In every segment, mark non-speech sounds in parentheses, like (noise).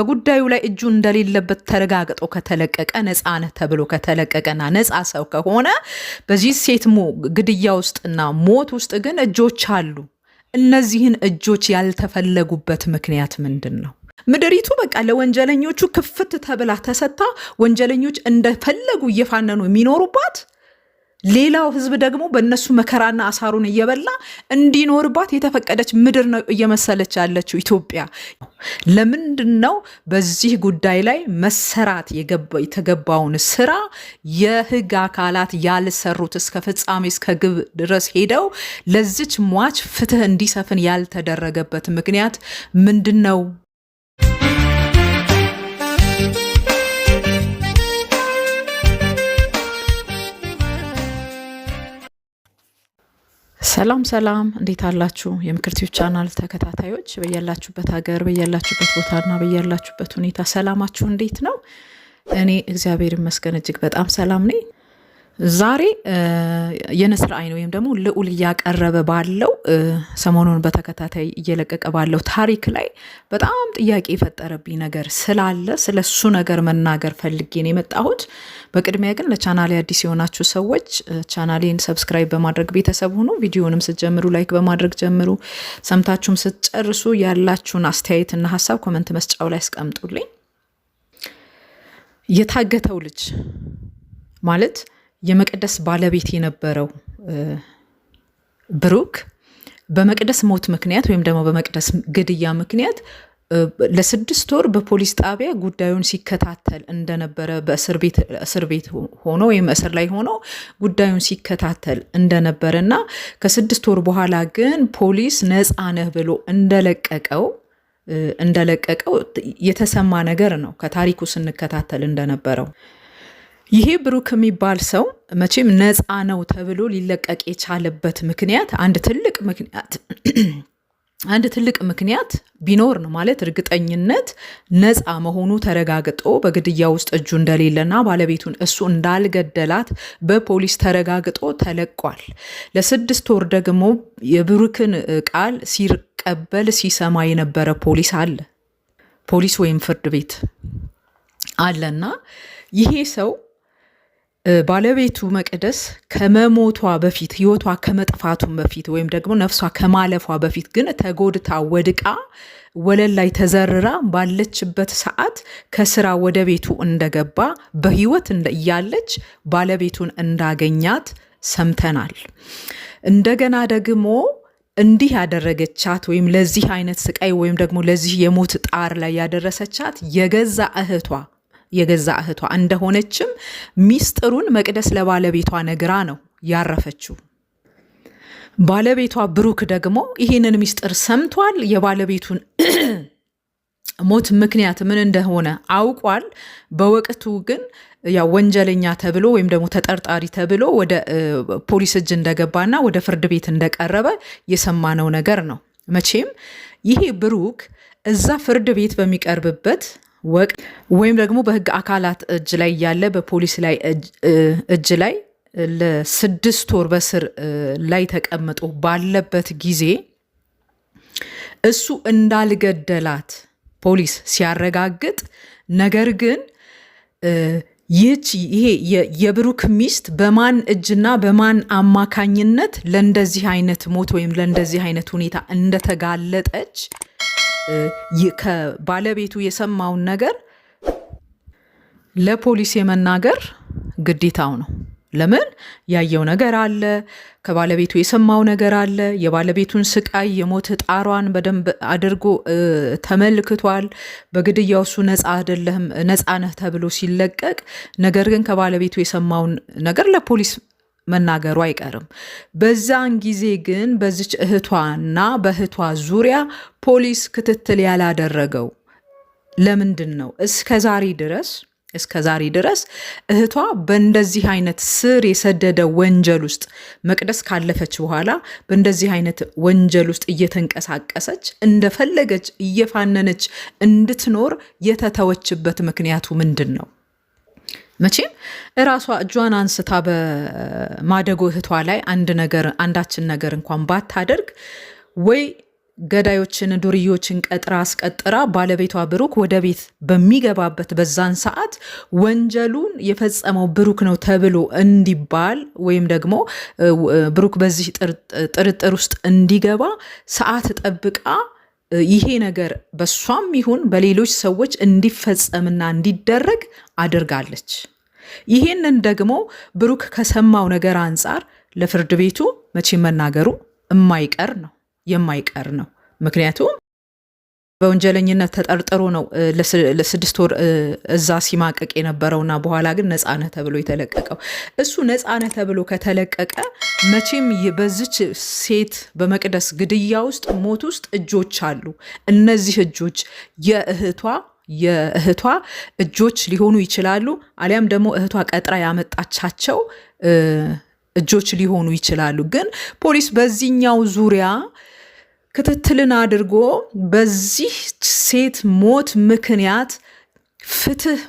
በጉዳዩ ላይ እጁ እንደሌለበት ተረጋግጦ ከተለቀቀ ነፃ ነህ ተብሎ ከተለቀቀና ነፃ ሰው ከሆነ በዚህ ሴት ግድያ ውስጥና ሞት ውስጥ ግን እጆች አሉ። እነዚህን እጆች ያልተፈለጉበት ምክንያት ምንድን ነው? ምድሪቱ በቃ ለወንጀለኞቹ ክፍት ተብላ ተሰጥታ ወንጀለኞች እንደፈለጉ እየፋነኑ የሚኖሩባት ሌላው ህዝብ ደግሞ በእነሱ መከራና አሳሩን እየበላ እንዲኖርባት የተፈቀደች ምድር ነው እየመሰለች ያለችው ኢትዮጵያ። ለምንድን ነው በዚህ ጉዳይ ላይ መሰራት የተገባውን ስራ የህግ አካላት ያልሰሩት? እስከ ፍጻሜ እስከ ግብ ድረስ ሄደው ለዚች ሟች ፍትህ እንዲሰፍን ያልተደረገበት ምክንያት ምንድን ነው? ሰላም ሰላም፣ እንዴት አላችሁ? የምክር ቲዩብ ቻናል ተከታታዮች በያላችሁበት ሀገር በያላችሁበት ቦታና በያላችሁበት ሁኔታ ሰላማችሁ እንዴት ነው? እኔ እግዚአብሔር ይመስገን እጅግ በጣም ሰላም ነኝ። ዛሬ የንስር አይን ወይም ደግሞ ልዑል እያቀረበ ባለው ሰሞኑን በተከታታይ እየለቀቀ ባለው ታሪክ ላይ በጣም ጥያቄ የፈጠረብኝ ነገር ስላለ ስለ እሱ ነገር መናገር ፈልጌ ነው የመጣሁት። በቅድሚያ ግን ለቻናሌ አዲስ የሆናችሁ ሰዎች ቻናሌን ሰብስክራይብ በማድረግ ቤተሰብ ሁኑ። ቪዲዮንም ስትጀምሩ ላይክ በማድረግ ጀምሩ። ሰምታችሁም ስትጨርሱ ያላችሁን አስተያየትና ሀሳብ ኮመንት መስጫው ላይ አስቀምጡልኝ። የታገተው ልጅ ማለት የመቅደስ ባለቤት የነበረው ብሩክ በመቅደስ ሞት ምክንያት ወይም ደግሞ በመቅደስ ግድያ ምክንያት ለስድስት ወር በፖሊስ ጣቢያ ጉዳዩን ሲከታተል እንደነበረ በእስር ቤት ሆኖ ወይም እስር ላይ ሆኖ ጉዳዩን ሲከታተል እንደነበረ እና ከስድስት ወር በኋላ ግን ፖሊስ ነፃ ነህ ብሎ እንደለቀቀው እንደለቀቀው የተሰማ ነገር ነው ከታሪኩ ስንከታተል እንደነበረው ይሄ ብሩክ የሚባል ሰው መቼም ነፃ ነው ተብሎ ሊለቀቅ የቻለበት ምክንያት አንድ ትልቅ ምክንያት (clears throat) አንድ ትልቅ ምክንያት ቢኖር ነው ማለት እርግጠኝነት ነፃ መሆኑ ተረጋግጦ በግድያ ውስጥ እጁ እንደሌለና ባለቤቱን እሱ እንዳልገደላት በፖሊስ ተረጋግጦ ተለቋል። ለስድስት ወር ደግሞ የብሩክን ቃል ሲቀበል ሲሰማ የነበረ ፖሊስ አለ ፖሊስ ወይም ፍርድ ቤት አለና ይሄ ሰው ባለቤቱ መቅደስ ከመሞቷ በፊት ህይወቷ ከመጥፋቱም በፊት ወይም ደግሞ ነፍሷ ከማለፏ በፊት ግን ተጎድታ ወድቃ ወለል ላይ ተዘርራ ባለችበት ሰዓት ከስራ ወደ ቤቱ እንደገባ በህይወት እያለች ባለቤቱን እንዳገኛት ሰምተናል። እንደገና ደግሞ እንዲህ ያደረገቻት ወይም ለዚህ አይነት ስቃይ ወይም ደግሞ ለዚህ የሞት ጣር ላይ ያደረሰቻት የገዛ እህቷ የገዛ እህቷ እንደሆነችም ሚስጥሩን መቅደስ ለባለቤቷ ነግራ ነው ያረፈችው። ባለቤቷ ብሩክ ደግሞ ይህንን ሚስጥር ሰምቷል። የባለቤቱን (clears throat) ሞት ምክንያት ምን እንደሆነ አውቋል። በወቅቱ ግን ያው ወንጀለኛ ተብሎ ወይም ደግሞ ተጠርጣሪ ተብሎ ወደ ፖሊስ እጅ እንደገባና ወደ ፍርድ ቤት እንደቀረበ የሰማነው ነገር ነው። መቼም ይሄ ብሩክ እዛ ፍርድ ቤት በሚቀርብበት ወቅ ወይም ደግሞ በህግ አካላት እጅ ላይ ያለ በፖሊስ ላይ እጅ ላይ ለስድስት ወር በስር ላይ ተቀምጦ ባለበት ጊዜ እሱ እንዳልገደላት ፖሊስ ሲያረጋግጥ፣ ነገር ግን ይህች ይሄ የብሩክ ሚስት በማን እጅና በማን አማካኝነት ለእንደዚህ አይነት ሞት ወይም ለእንደዚህ አይነት ሁኔታ እንደተጋለጠች ከባለቤቱ የሰማውን ነገር ለፖሊስ የመናገር ግዴታው ነው። ለምን ያየው ነገር አለ፣ ከባለቤቱ የሰማው ነገር አለ። የባለቤቱን ስቃይ የሞት ጣሯን በደንብ አድርጎ ተመልክቷል። በግድያው እሱ ነፃ አይደለህም ነፃ ነህ ተብሎ ሲለቀቅ፣ ነገር ግን ከባለቤቱ የሰማውን ነገር ለፖሊስ መናገሩ አይቀርም። በዛን ጊዜ ግን በዚች እህቷና በእህቷ ዙሪያ ፖሊስ ክትትል ያላደረገው ለምንድን ነው? እስከ ዛሬ ድረስ እስከ ዛሬ ድረስ እህቷ በእንደዚህ አይነት ስር የሰደደ ወንጀል ውስጥ መቅደስ ካለፈች በኋላ በእንደዚህ አይነት ወንጀል ውስጥ እየተንቀሳቀሰች እንደፈለገች እየፋነነች እንድትኖር የተተወችበት ምክንያቱ ምንድን ነው? መቼም እራሷ እጇን አንስታ በማደጎ እህቷ ላይ አንድ ነገር አንዳችን ነገር እንኳን ባታደርግ ወይ ገዳዮችን ዱርዮችን ቀጥራ አስቀጥራ ባለቤቷ ብሩክ ወደ ቤት በሚገባበት በዛን ሰዓት ወንጀሉን የፈጸመው ብሩክ ነው ተብሎ እንዲባል ወይም ደግሞ ብሩክ በዚህ ጥርጥር ውስጥ እንዲገባ ሰዓት ጠብቃ ይሄ ነገር በእሷም ይሁን በሌሎች ሰዎች እንዲፈጸምና እንዲደረግ አድርጋለች። ይሄንን ደግሞ ብሩክ ከሰማው ነገር አንጻር ለፍርድ ቤቱ መቼ መናገሩ የማይቀር ነው የማይቀር ነው። ምክንያቱም በወንጀለኝነት ተጠርጥሮ ነው ለስድስት ወር እዛ ሲማቀቅ የነበረውና በኋላ ግን ነፃነ ተብሎ የተለቀቀው። እሱ ነፃነ ተብሎ ከተለቀቀ መቼም በዚች ሴት በመቅደስ ግድያ ውስጥ ሞት ውስጥ እጆች አሉ። እነዚህ እጆች የእህቷ የእህቷ እጆች ሊሆኑ ይችላሉ። አሊያም ደግሞ እህቷ ቀጥራ ያመጣቻቸው እጆች ሊሆኑ ይችላሉ። ግን ፖሊስ በዚህኛው ዙሪያ ክትትልን አድርጎ በዚህ ሴት ሞት ምክንያት ፍትህ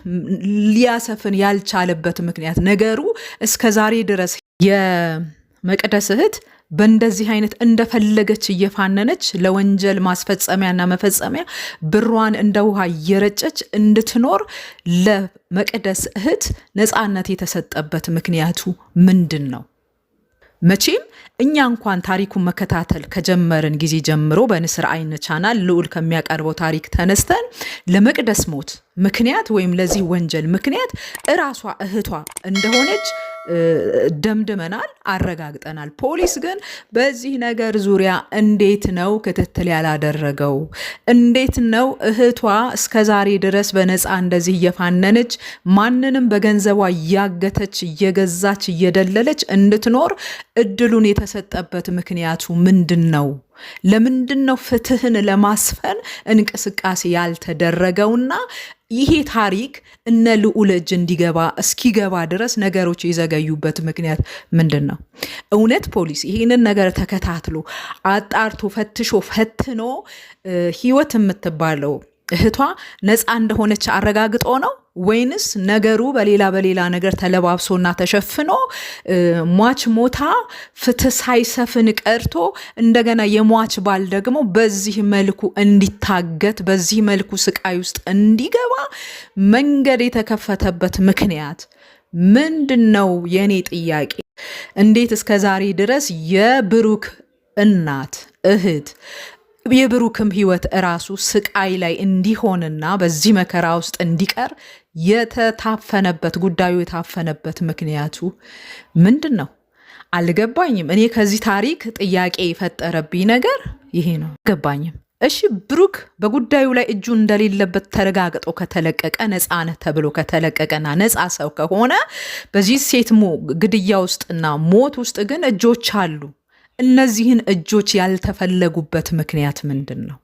ሊያሰፍን ያልቻለበት ምክንያት ነገሩ እስከ ዛሬ ድረስ የመቅደስ እህት በእንደዚህ አይነት እንደፈለገች እየፋነነች ለወንጀል ማስፈጸሚያና መፈጸሚያ ብሯን እንደ ውሃ እየረጨች እንድትኖር ለመቅደስ እህት ነፃነት የተሰጠበት ምክንያቱ ምንድን ነው? መቼም እኛ እንኳን ታሪኩን መከታተል ከጀመርን ጊዜ ጀምሮ በንስር አይን ቻናል ልዑል ከሚያቀርበው ታሪክ ተነስተን ለመቅደስ ሞት ምክንያት ወይም ለዚህ ወንጀል ምክንያት እራሷ እህቷ እንደሆነች ደምድመናል፣ አረጋግጠናል። ፖሊስ ግን በዚህ ነገር ዙሪያ እንዴት ነው ክትትል ያላደረገው? እንዴት ነው እህቷ እስከዛሬ ድረስ በነፃ እንደዚህ እየፋነነች ማንንም በገንዘቧ እያገተች እየገዛች እየደለለች እንድትኖር እድሉን የተሰጠበት ምክንያቱ ምንድን ነው? ለምንድን ነው ፍትህን ለማስፈን እንቅስቃሴ ያልተደረገውና ይሄ ታሪክ እነ ልዑል እጅ እንዲገባ እስኪገባ ድረስ ነገሮች የዘገዩበት ምክንያት ምንድን ነው? እውነት ፖሊስ ይህንን ነገር ተከታትሎ አጣርቶ ፈትሾ ፈትኖ ህይወት የምትባለው እህቷ ነፃ እንደሆነች አረጋግጦ ነው ወይንስ ነገሩ በሌላ በሌላ ነገር ተለባብሶና ተሸፍኖ ሟች ሞታ ፍትህ ሳይሰፍን ቀርቶ እንደገና የሟች ባል ደግሞ በዚህ መልኩ እንዲታገት በዚህ መልኩ ስቃይ ውስጥ እንዲገባ መንገድ የተከፈተበት ምክንያት ምንድን ነው? የእኔ ጥያቄ እንዴት እስከ ዛሬ ድረስ የብሩክ እናት እህት የብሩክም ህይወት እራሱ ስቃይ ላይ እንዲሆንና በዚህ መከራ ውስጥ እንዲቀር የተታፈነበት ጉዳዩ የታፈነበት ምክንያቱ ምንድን ነው? አልገባኝም። እኔ ከዚህ ታሪክ ጥያቄ የፈጠረብኝ ነገር ይሄ ነው። አልገባኝም። እሺ ብሩክ በጉዳዩ ላይ እጁ እንደሌለበት ተረጋግጦ ከተለቀቀ ነፃ ነህ ተብሎ ከተለቀቀና ነፃ ሰው ከሆነ በዚህ ሴት ግድያ ውስጥና ሞት ውስጥ ግን እጆች አሉ እነዚህን እጆች ያልተፈለጉበት ምክንያት ምንድን ነው?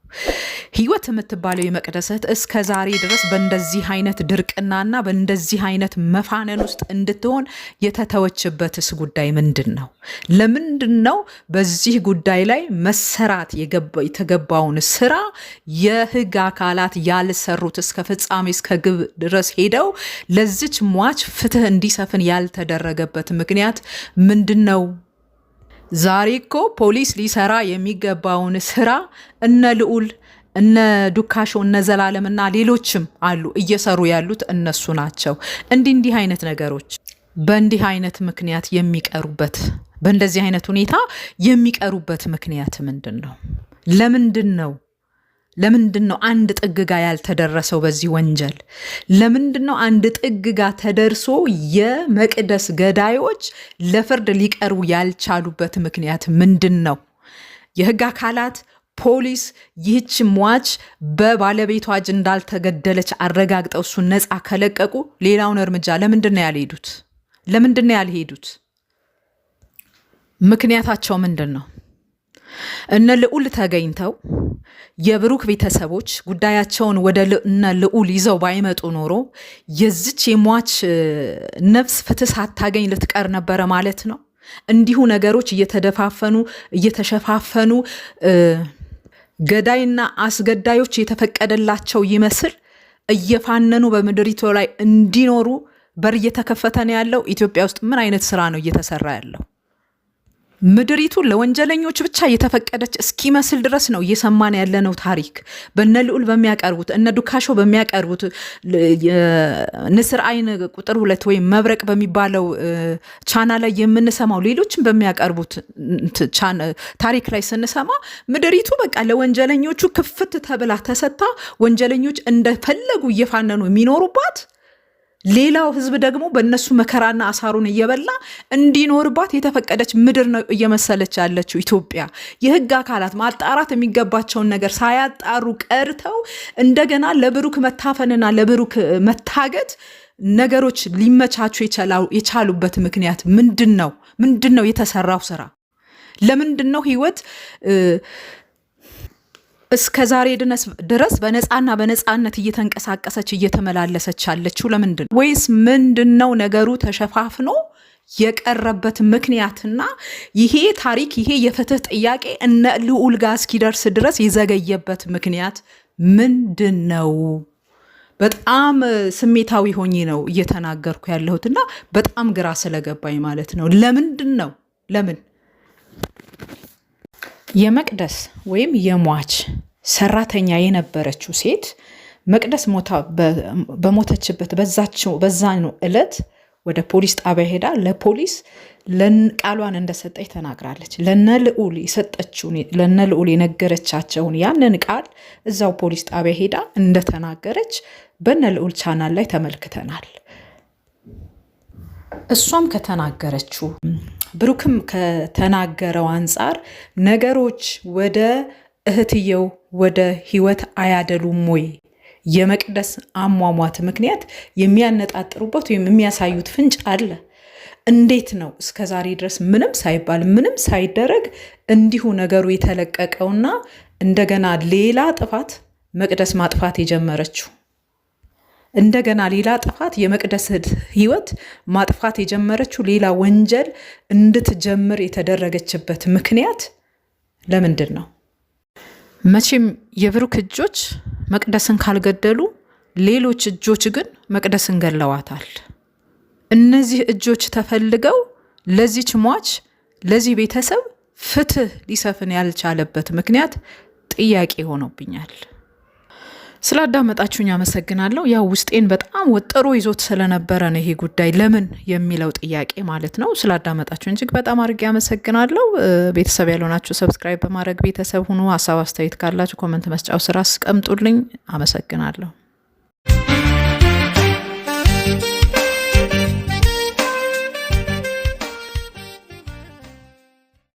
ህይወት የምትባለው የመቅደሰት እስከ ዛሬ ድረስ በእንደዚህ አይነት ድርቅናና በእንደዚህ አይነት መፋነን ውስጥ እንድትሆን የተተወችበትስ ጉዳይ ምንድን ነው? ለምንድን ነው በዚህ ጉዳይ ላይ መሰራት የተገባውን ስራ የህግ አካላት ያልሰሩት? እስከ ፍጻሜ እስከ ግብ ድረስ ሄደው ለዚች ሟች ፍትህ እንዲሰፍን ያልተደረገበት ምክንያት ምንድን ነው? ዛሬ እኮ ፖሊስ ሊሰራ የሚገባውን ስራ እነ ልዑል እነ ዱካሾ እነ ዘላለምና ሌሎችም አሉ እየሰሩ ያሉት እነሱ ናቸው። እንዲህ እንዲህ አይነት ነገሮች በእንዲህ አይነት ምክንያት የሚቀሩበት በእንደዚህ አይነት ሁኔታ የሚቀሩበት ምክንያት ምንድን ነው? ለምንድን ነው ለምንድን ነው አንድ ጥግ ጋ ያልተደረሰው? በዚህ ወንጀል ለምንድን ነው አንድ ጥግ ጋ ተደርሶ የመቅደስ ገዳዮች ለፍርድ ሊቀርቡ ያልቻሉበት ምክንያት ምንድን ነው? የህግ አካላት ፖሊስ ይህች ሟች በባለቤቷ እጅ እንዳልተገደለች አረጋግጠው እሱን ነፃ ከለቀቁ ሌላውን እርምጃ ለምንድን ነው ያልሄዱት? ለምንድን ነው ያልሄዱት? ምክንያታቸው ምንድን ነው? እነ ልዑል ተገኝተው የብሩክ ቤተሰቦች ጉዳያቸውን ወደ እነ ልዑል ይዘው ባይመጡ ኖሮ የዚች የሟች ነፍስ ፍትህ ሳታገኝ ልትቀር ነበረ ማለት ነው። እንዲሁ ነገሮች እየተደፋፈኑ እየተሸፋፈኑ ገዳይና አስገዳዮች የተፈቀደላቸው ይመስል እየፋነኑ በምድሪቱ ላይ እንዲኖሩ በር እየተከፈተ ነው ያለው። ኢትዮጵያ ውስጥ ምን አይነት ስራ ነው እየተሰራ ያለው? ምድሪቱ ለወንጀለኞች ብቻ የተፈቀደች እስኪመስል ድረስ ነው እየሰማን ያለነው ታሪክ። በነ ልዑል በሚያቀርቡት እነ ዱካሾ በሚያቀርቡት ንስር አይን ቁጥር ሁለት ወይም መብረቅ በሚባለው ቻና ላይ የምንሰማው ሌሎችም በሚያቀርቡት ታሪክ ላይ ስንሰማ ምድሪቱ በቃ ለወንጀለኞቹ ክፍት ተብላ ተሰጥታ ወንጀለኞች እንደፈለጉ እየፋነኑ የሚኖሩባት ሌላው ህዝብ ደግሞ በእነሱ መከራና አሳሩን እየበላ እንዲኖርባት የተፈቀደች ምድር ነው እየመሰለች ያለችው ኢትዮጵያ። የህግ አካላት ማጣራት የሚገባቸውን ነገር ሳያጣሩ ቀርተው እንደገና ለብሩክ መታፈንና ለብሩክ መታገት ነገሮች ሊመቻቹ የቻሉበት ምክንያት ምንድን ነው? ምንድን ነው የተሰራው ስራ? ለምንድን ነው ህይወት እስከ ዛሬ ድረስ በነፃና በነፃነት እየተንቀሳቀሰች እየተመላለሰች ያለችው ለምንድን ነው ወይስ ምንድን ነው ነገሩ ተሸፋፍኖ የቀረበት ምክንያትና ይሄ ታሪክ ይሄ የፍትህ ጥያቄ እነ ልዑል ጋር እስኪደርስ ድረስ የዘገየበት ምክንያት ምንድን ነው? በጣም ስሜታዊ ሆኜ ነው እየተናገርኩ ያለሁትና በጣም ግራ ስለገባኝ ማለት ነው። ለምንድን ነው ለምን የመቅደስ ወይም የሟች ሰራተኛ የነበረችው ሴት መቅደስ በሞተችበት በዛችው በዛኑ ዕለት ወደ ፖሊስ ጣቢያ ሄዳ ለፖሊስ ቃሏን እንደሰጠች ተናግራለች። ለነ ልዑል የሰጠችውን ለነ ልዑል የነገረቻቸውን ያንን ቃል እዛው ፖሊስ ጣቢያ ሄዳ እንደተናገረች በነ ልዑል ቻናል ላይ ተመልክተናል። እሷም ከተናገረችው ብሩክም ከተናገረው አንጻር ነገሮች ወደ እህትየው ወደ ህይወት አያደሉም ወይ የመቅደስ አሟሟት ምክንያት የሚያነጣጥሩበት ወይም የሚያሳዩት ፍንጭ አለ። እንዴት ነው እስከ ዛሬ ድረስ ምንም ሳይባል ምንም ሳይደረግ እንዲሁ ነገሩ የተለቀቀውና እንደገና ሌላ ጥፋት መቅደስ ማጥፋት የጀመረችው? እንደገና ሌላ ጥፋት የመቅደስ ህይወት ማጥፋት የጀመረችው ሌላ ወንጀል እንድትጀምር የተደረገችበት ምክንያት ለምንድን ነው? መቼም የብሩክ እጆች መቅደስን ካልገደሉ ሌሎች እጆች ግን መቅደስን ገለዋታል። እነዚህ እጆች ተፈልገው ለዚች ሟች ለዚህ ቤተሰብ ፍትህ ሊሰፍን ያልቻለበት ምክንያት ጥያቄ ሆኖብኛል። ስላዳመጣችሁኝ አመሰግናለሁ። ያው ውስጤን በጣም ወጠሮ ይዞት ስለነበረ ነው ይሄ ጉዳይ ለምን የሚለው ጥያቄ ማለት ነው። ስላዳመጣችሁኝ እጅግ በጣም አድርጌ አመሰግናለሁ። ቤተሰብ ያልሆናችሁ ሰብስክራይብ በማድረግ ቤተሰብ ሁኑ። ሀሳብ አስተያየት ካላችሁ ኮመንት መስጫው ስራ አስቀምጡልኝ። አመሰግናለሁ።